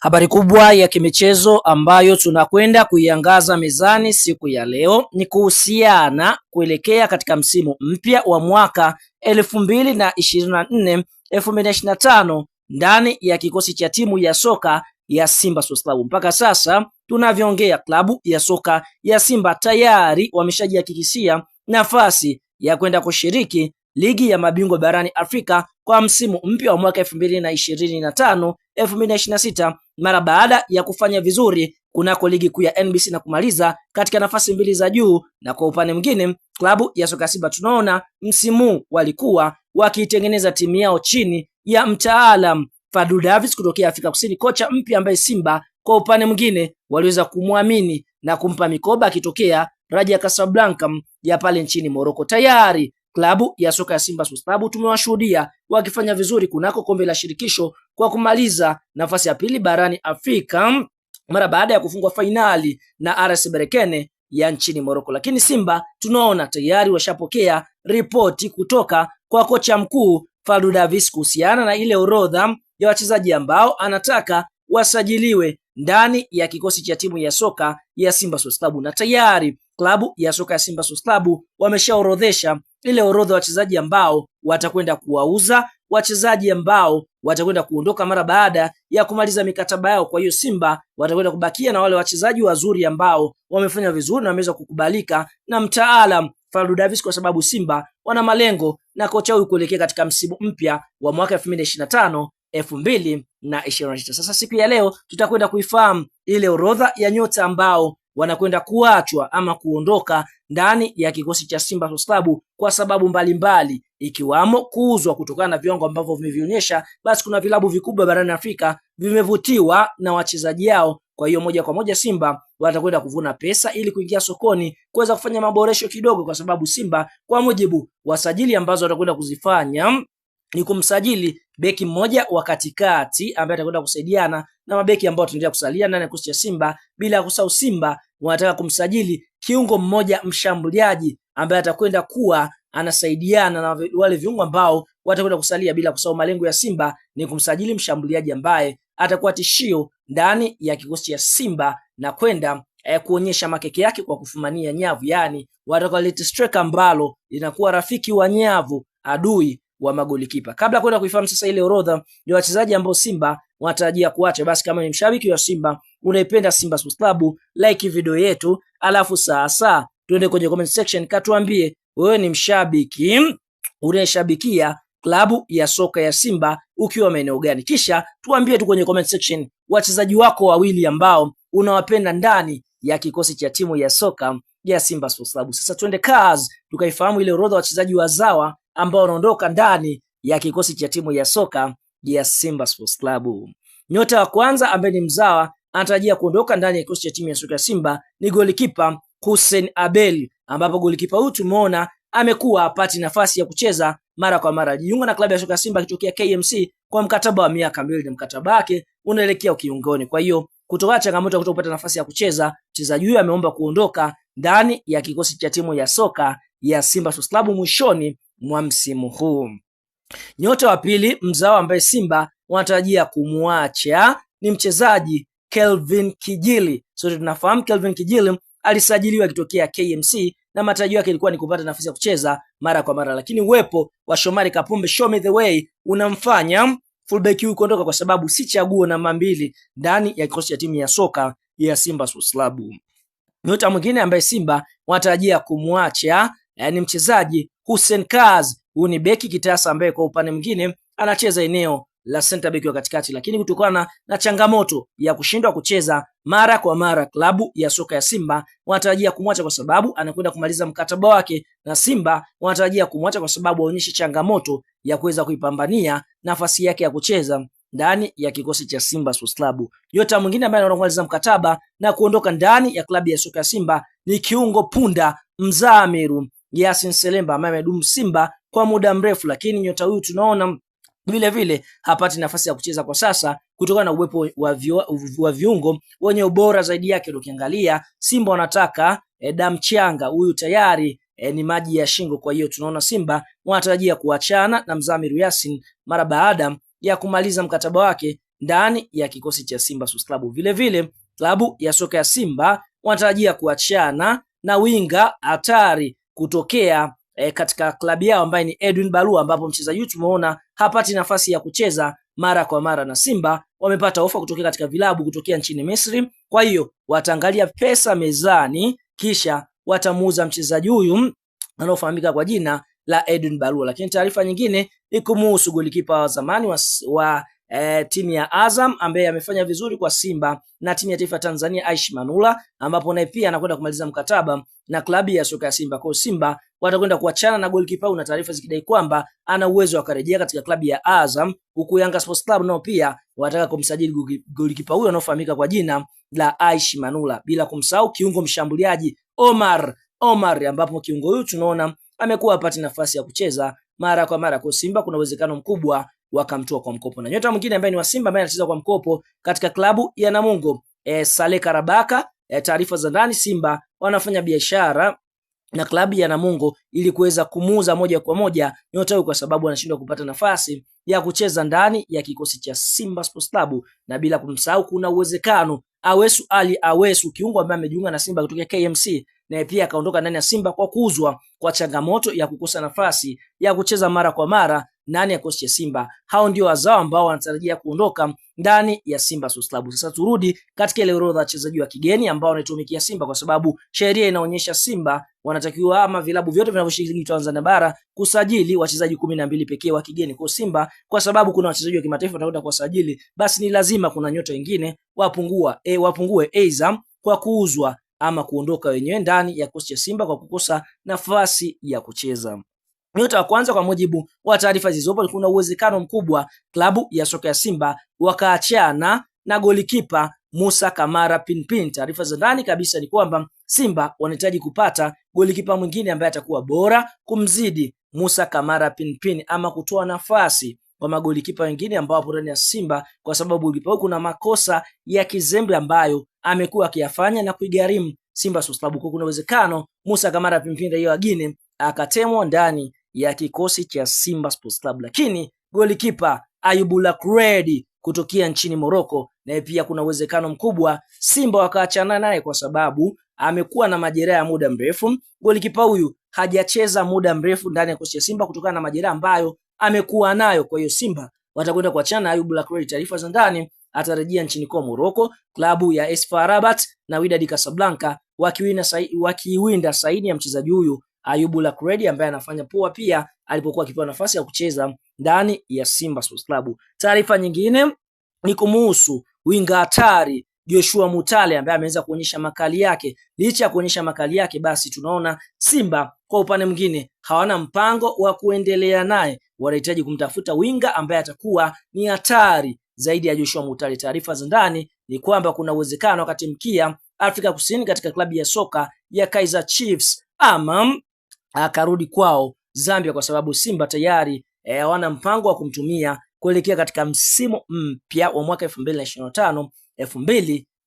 Habari kubwa ya kimichezo ambayo tunakwenda kuiangaza mezani siku ya leo ni kuhusiana kuelekea katika msimu mpya wa mwaka 2024 2025 ndani ya kikosi cha timu ya soka ya Simba Sports Club. Mpaka sasa tunavyoongea, klabu ya soka ya Simba tayari wameshajihakikishia nafasi ya kwenda kushiriki ligi ya mabingwa barani Afrika kwa msimu mpya wa mwaka 2025 2026 mara baada ya kufanya vizuri kunako ligi kuu ya NBC na kumaliza katika nafasi mbili za juu. Na kwa upande mwingine, klabu ya soka Simba tunaona msimu walikuwa wakiitengeneza timu yao chini ya mtaalam Fadlu Davis kutokea Afrika Kusini, kocha mpya ambaye Simba kwa upande mwingine waliweza kumwamini na kumpa mikoba akitokea Raja Casablanca ya pale nchini Morocco. Tayari klabu ya soka ya Simba Sports Club tumewashuhudia wakifanya vizuri kunako kombe la shirikisho kwa kumaliza nafasi ya pili barani Afrika mara baada ya kufungwa fainali na RS Berkane ya nchini Morocco. Lakini Simba tunaona tayari washapokea ripoti kutoka kwa kocha mkuu Fadlu Davis kuhusiana na ile orodha ya wachezaji ambao anataka wasajiliwe ndani ya kikosi cha timu ya soka ya Simba Sports Club, na tayari klabu ya soka ya Simba Sports Club wameshaorodhesha ile orodha ya wachezaji ambao watakwenda kuwauza, wachezaji ambao watakwenda kuondoka mara baada ya kumaliza mikataba yao. Kwa hiyo Simba watakwenda kubakia na wale wachezaji wazuri ambao wamefanya vizuri na wameweza kukubalika na mtaalam Fadlu Davis, kwa sababu Simba wana malengo na kocha huyu kuelekea katika msimu mpya wa mwaka 2025 2026. Sasa siku ya leo tutakwenda kuifahamu ile orodha ya nyota ambao wanakwenda kuachwa ama kuondoka ndani ya kikosi cha Simba Sports Club kwa sababu mbalimbali mbali, ikiwamo kuuzwa kutokana na viwango ambavyo vimevionyesha. Basi kuna vilabu vikubwa barani Afrika vimevutiwa na wachezaji yao, kwa hiyo moja kwa moja Simba watakwenda kuvuna pesa ili kuingia sokoni kuweza kufanya maboresho kidogo, kwa sababu Simba kwa mujibu wa sajili ambazo watakwenda kuzifanya ni kumsajili beki mmoja wa katikati ambaye atakwenda kusaidiana na mabeki ambao tunaendelea kusalia ndani ya kikosi cha Simba, bila kusahau Simba wanataka kumsajili kiungo mmoja mshambuliaji ambaye atakwenda kuwa anasaidiana na wale viungo ambao watakwenda kusalia, bila kusahau malengo ya Simba ni kumsajili mshambuliaji ambaye atakuwa tishio ndani ya kikosi cha Simba na kwenda eh, kuonyesha makeke yake kwa kufumania nyavu, yani watakaleta striker ambalo linakuwa rafiki wa nyavu, adui wa magolikipa. Kabla kwenda kuifahamu sasa ile orodha ya wachezaji ambao Simba wanatarajia kuacha, basi kama ni mshabiki wa Simba unaipenda Simba Sports Club, like video yetu, alafu sasa tuende kwenye comment section, katuambie wewe ni mshabiki unayeshabikia klabu ya soka ya Simba ukiwa maeneo gani? Kisha tuambie tu kwenye comment section wachezaji wako wawili ambao unawapenda ndani ya kikosi cha timu ya soka ya Simba Sports Club. Sasa twende kazi tukaifahamu ile orodha wachezaji wazawa ambao wanaondoka ndani ya kikosi cha timu ya soka ya Simba Sports Club. Nyota wa kwanza ambaye ni mzawa anatarajia kuondoka ndani ya kikosi cha timu ya soka ya Simba ni golikipa Hussein Abel, ambapo golikipa huyu tumeona amekuwa apati nafasi ya kucheza mara kwa mara. Jiunga na klabu ya soka Simba akitokea KMC kwa mkataba wa miaka miwili, na mkataba wake unaelekea ukingoni. Kwa hiyo kutokana changamoto ya kutopata nafasi ya kucheza, mchezaji huyo ameomba kuondoka ndani ya kikosi cha timu ya soka ya Simba Sports Club mwishoni mwa msimu huu. Nyota wa pili mzao ambaye Simba wanatarajia kumwacha ni mchezaji Kelvin Kijili. Sote tunafahamu Kelvin Kijili alisajiliwa kitokea KMC na matarajio yake ilikuwa ni kupata nafasi ya kucheza mara kwa mara, lakini uwepo wa Shomari Kapombe show me the way unamfanya fullback huyu kuondoka kwa sababu si chaguo namba mbili ndani ya kikosi cha timu ya soka ya Simba Sports Club. Nyota mwingine ambaye Simba wanatarajia kumwacha eh, ni mchezaji Hussein Kaz, huyu ni beki kitasa ambaye kwa upande mwingine anacheza eneo la center back wa katikati, lakini kutokana na changamoto ya kushindwa kucheza mara kwa mara, klabu ya soka ya Simba wanatarajia kumwacha kwa sababu anakwenda kumaliza mkataba wake na Simba wanatarajia kumwacha kwa sababu aonyeshe changamoto ya kuweza kuipambania nafasi yake ya kucheza ndani ya kikosi cha Simba Sports Club. Yota mwingine ambaye anakwenda kumaliza mkataba na kuondoka ndani ya klabu ya soka ya Simba ni kiungo punda Mzamiru Yasin Selemba ambaye amedumu Simba kwa muda mrefu, lakini nyota huyu tunaona vile vile hapati nafasi ya kucheza kwa sasa kutokana na uwepo wa, viwa, wa viungo wenye ubora zaidi yake. Ukiangalia Simba wanataka e, eh, damu changa, huyu tayari e, ni maji ya shingo. Kwa hiyo tunaona Simba wanatarajia kuachana na Mzamiru Yasin mara baada ya kumaliza mkataba wake ndani ya kikosi cha Simba Sports Club. Vile vile klabu ya soka ya Simba wanatarajia kuachana na winga hatari kutokea e, katika klabu yao ambaye ni Edwin Barua, ambapo mchezaji huyu tumeona hapati nafasi ya kucheza mara kwa mara, na Simba wamepata ofa kutokea katika vilabu kutokea nchini Misri. Kwa hiyo wataangalia pesa mezani, kisha watamuuza mchezaji huyu anaofahamika kwa jina la Edwin Barua. Lakini taarifa nyingine ni kumuhusu golikipa wa zamani wa, wa e, timu ya Azam ambaye amefanya vizuri kwa Simba na timu ya taifa Tanzania Aishi Manula, ambapo naye pia anakwenda kumaliza mkataba na klabu ya soka ya Simba. Kwa Simba watakwenda kuachana na goalkeeper, na taarifa zikidai kwamba ana uwezo wa kurejea katika klabu ya Azam, huku Yanga Sports Club nao pia wataka kumsajili goalkeeper huyo anaofahamika kwa jina la Aishi Manula, bila kumsahau kiungo mshambuliaji Omar Omar, ambapo kiungo huyu tunaona amekuwa hapati nafasi ya kucheza mara kwa mara kwa Simba. Kuna uwezekano mkubwa wakamtoa kwa mkopo. Na nyota mwingine ambaye ni wa Simba ambaye anacheza kwa mkopo katika klabu ya Namungo e, Sale Karabaka. E, taarifa za ndani, Simba wanafanya biashara na klabu ya Namungo ili kuweza kumuuza moja kwa moja nyota huyo, kwa sababu anashindwa kupata nafasi ya kucheza ndani ya kikosi cha Simba Sports Club, na bila kumsahau, kuna uwezekano Awesu Ali Awesu, kiungo ambaye amejiunga na Simba kutoka KMC, naye pia akaondoka ndani ya Simba kwa kuuzwa kwa changamoto ya kukosa nafasi ya kucheza mara kwa mara ndani ya kikosi cha Simba. Hao ndio wazao ambao wanatarajia kuondoka ndani ya Simba Sports Club. Sasa turudi katika ile orodha wachezaji wa kigeni ambao wanaitumikia Simba, kwa sababu sheria inaonyesha Simba wanatakiwa ama vilabu vyote vinavyoshiriki Tanzania bara kusajili wachezaji kumi na mbili pekee wa kigeni kwa Simba, kwa sababu kuna wachezaji wa kimataifa watakwenda kuwasajili, basi ni lazima kuna nyota wengine wapungua e, wapungue aidha kwa kuuzwa ama kuondoka wenyewe ndani ya kikosi cha Simba kwa kukosa nafasi ya kucheza. Nyota wa kwanza kwa mujibu wa taarifa zilizopo, kuna uwezekano mkubwa klabu ya soka ya Simba wakaachana na golikipa Musa Kamara Pinpin. Taarifa za ndani kabisa ni kwamba Simba wanahitaji kupata golikipa mwingine ambaye atakuwa bora kumzidi Musa Kamara Pinpin ama kutoa nafasi kwa magolikipa wengine ambao wapo ndani ya Simba, kwa sababu golikipa huyu kuna makosa ya kizembe ambayo amekuwa akiyafanya na kuigharimu Simba Sports Club. Kuna uwezekano Musa Kamara Pinpin raia wagine akatemwa ndani ya kikosi cha Simba Sports Club, lakini golikipa Ayubu Lakredi kutokea nchini Morocco, naye pia kuna uwezekano mkubwa Simba wakaachana naye kwa sababu amekuwa na majeraha ya muda mrefu. Golikipa huyu hajacheza muda mrefu ndani ya kikosi cha Simba kutokana na majeraha ambayo amekuwa nayo. Kwa hiyo Simba watakwenda kuachana na Ayub Lakredi. Taarifa za ndani, atarejea nchini kwa Morocco. Klabu ya AS FAR Rabat na Wydad Casablanca wakiwinda saini ya mchezaji huyu Ayubu Lakredi ambaye anafanya poa pia alipokuwa akipewa nafasi ya kucheza ndani ya Simba Sports Club. Taarifa nyingine ni kumuhusu winga hatari Joshua Mutale ambaye ameweza kuonyesha makali yake. Licha ya kuonyesha makali yake, basi tunaona Simba kwa upande mwingine hawana mpango wa kuendelea naye, wanahitaji kumtafuta winga ambaye atakuwa ni hatari zaidi ya Joshua Mutale. Taarifa za ndani ni kwamba kuna uwezekano wakati mkia Afrika Kusini katika klabu ya soka ya Kaizer Chiefs ama akarudi kwao Zambia, kwa sababu Simba tayari eh, hawana e, mpango wa kumtumia kuelekea katika msimu mpya wa mwaka 2025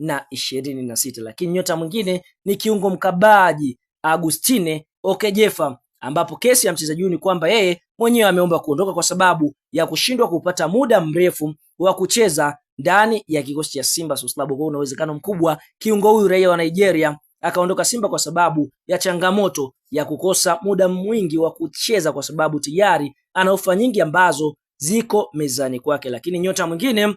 2026. Lakini nyota mwingine ni kiungo mkabaji Agustine Okejefa, ambapo kesi ya mchezaji huyu ni kwamba yeye mwenyewe ameomba kuondoka kwa sababu ya kushindwa kupata muda mrefu wa kucheza ndani ya kikosi cha Simba Sports Club. Kwa unawezekano mkubwa kiungo huyu raia wa Nigeria akaondoka Simba kwa sababu ya changamoto ya kukosa muda mwingi wa kucheza, kwa sababu tayari ana ofa nyingi ambazo ziko mezani kwake. Lakini nyota mwingine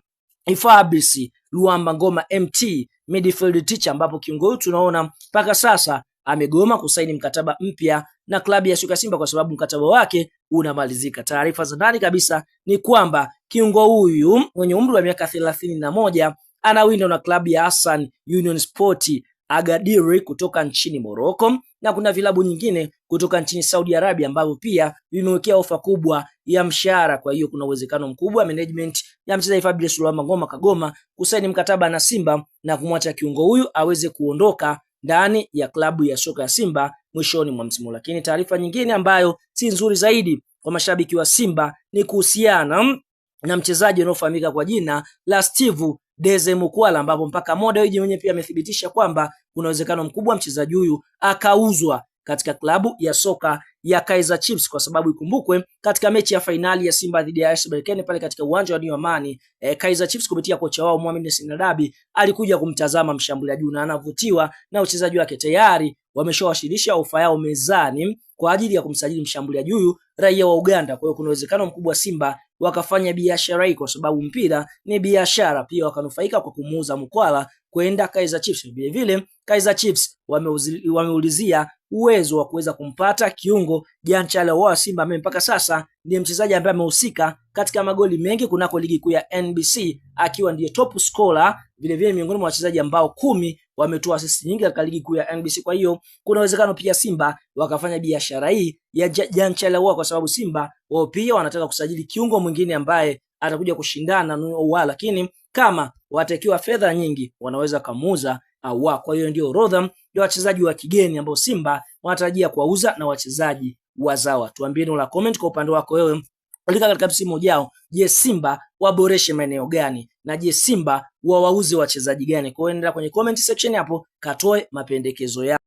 ni Fabrice Luamba Ngoma MT midfield teacher, ambapo kiungo huyu tunaona mpaka sasa amegoma kusaini mkataba mpya na klabu ya Shuka Simba kwa sababu mkataba wake unamalizika. Taarifa za ndani kabisa ni kwamba kiungo huyu mwenye umri wa miaka thelathini na moja anawindwa na klabu ya Hassan Union Sport Agadiri kutoka nchini Morocco na kuna vilabu nyingine kutoka nchini Saudi Arabia ambavyo pia vimewekea ofa kubwa ya mshahara. Kwa hiyo kuna uwezekano mkubwa management ya mchezaji Fabrice Luamba Ngoma Kagoma kusaini mkataba na Simba na kumwacha kiungo huyu aweze kuondoka ndani ya klabu ya soka ya Simba mwishoni mwa msimu. Lakini taarifa nyingine ambayo si nzuri zaidi kwa mashabiki wa Simba ni kuhusiana na mchezaji unaofahamika kwa jina la Steve Deze Mukwala ambapo mpaka moda yeye mwenyewe pia amethibitisha kwamba kuna uwezekano mkubwa mchezaji huyu akauzwa katika klabu ya soka ya Kaizer Chiefs kwa sababu ikumbukwe, katika mechi ya fainali ya Simba dhidi ya AS Berkane pale katika uwanja wa New Amani e, Kaizer Chiefs kupitia kocha wao Mohamed Yasin alikuja kumtazama mshambuliaji na anavutiwa na uchezaji wake. Tayari wameshawasilisha ofa yao mezani kwa ajili ya kumsajili mshambuliaji huyu raia wa Uganda. Kwa hiyo kuna uwezekano mkubwa Simba wakafanya biashara hii, kwa sababu mpira ni biashara pia. Wakanufaika kwa kumuuza Mkwala kwenda Kaizer Chiefs. Vile vile Kaizer Chiefs wameulizia uwezo wa kuweza kumpata kiungo Jean Charles wa Simba ambaye mpaka sasa ndiye mchezaji ambaye amehusika katika magoli mengi kunako ligi kuu ya NBC akiwa ndiye top scorer, vile vile miongoni mwa wachezaji ambao kumi wametoa assist nyingi katika ligi kuu ya NBC. Kwa hiyo kuna uwezekano pia Simba wakafanya biashara hii ya Jean Charles, kwa sababu Simba wao pia wanataka kusajili kiungo mwingine ambaye atakuja kushindana na Ahoua, lakini kama watakiwa fedha nyingi wanaweza kamuuza Ahoua. Kwa hiyo ndio orodha ya wachezaji wa kigeni ambao Simba wanatarajia kuwauza na wachezaji wazawa. Tuambieni la comment kwa upande wako wewe Walika katika msimu ujao, je, Simba waboreshe maeneo gani na je, Simba wawauze wachezaji gani? Kwa hiyo endelea kwenye comment section hapo, katoe mapendekezo yao.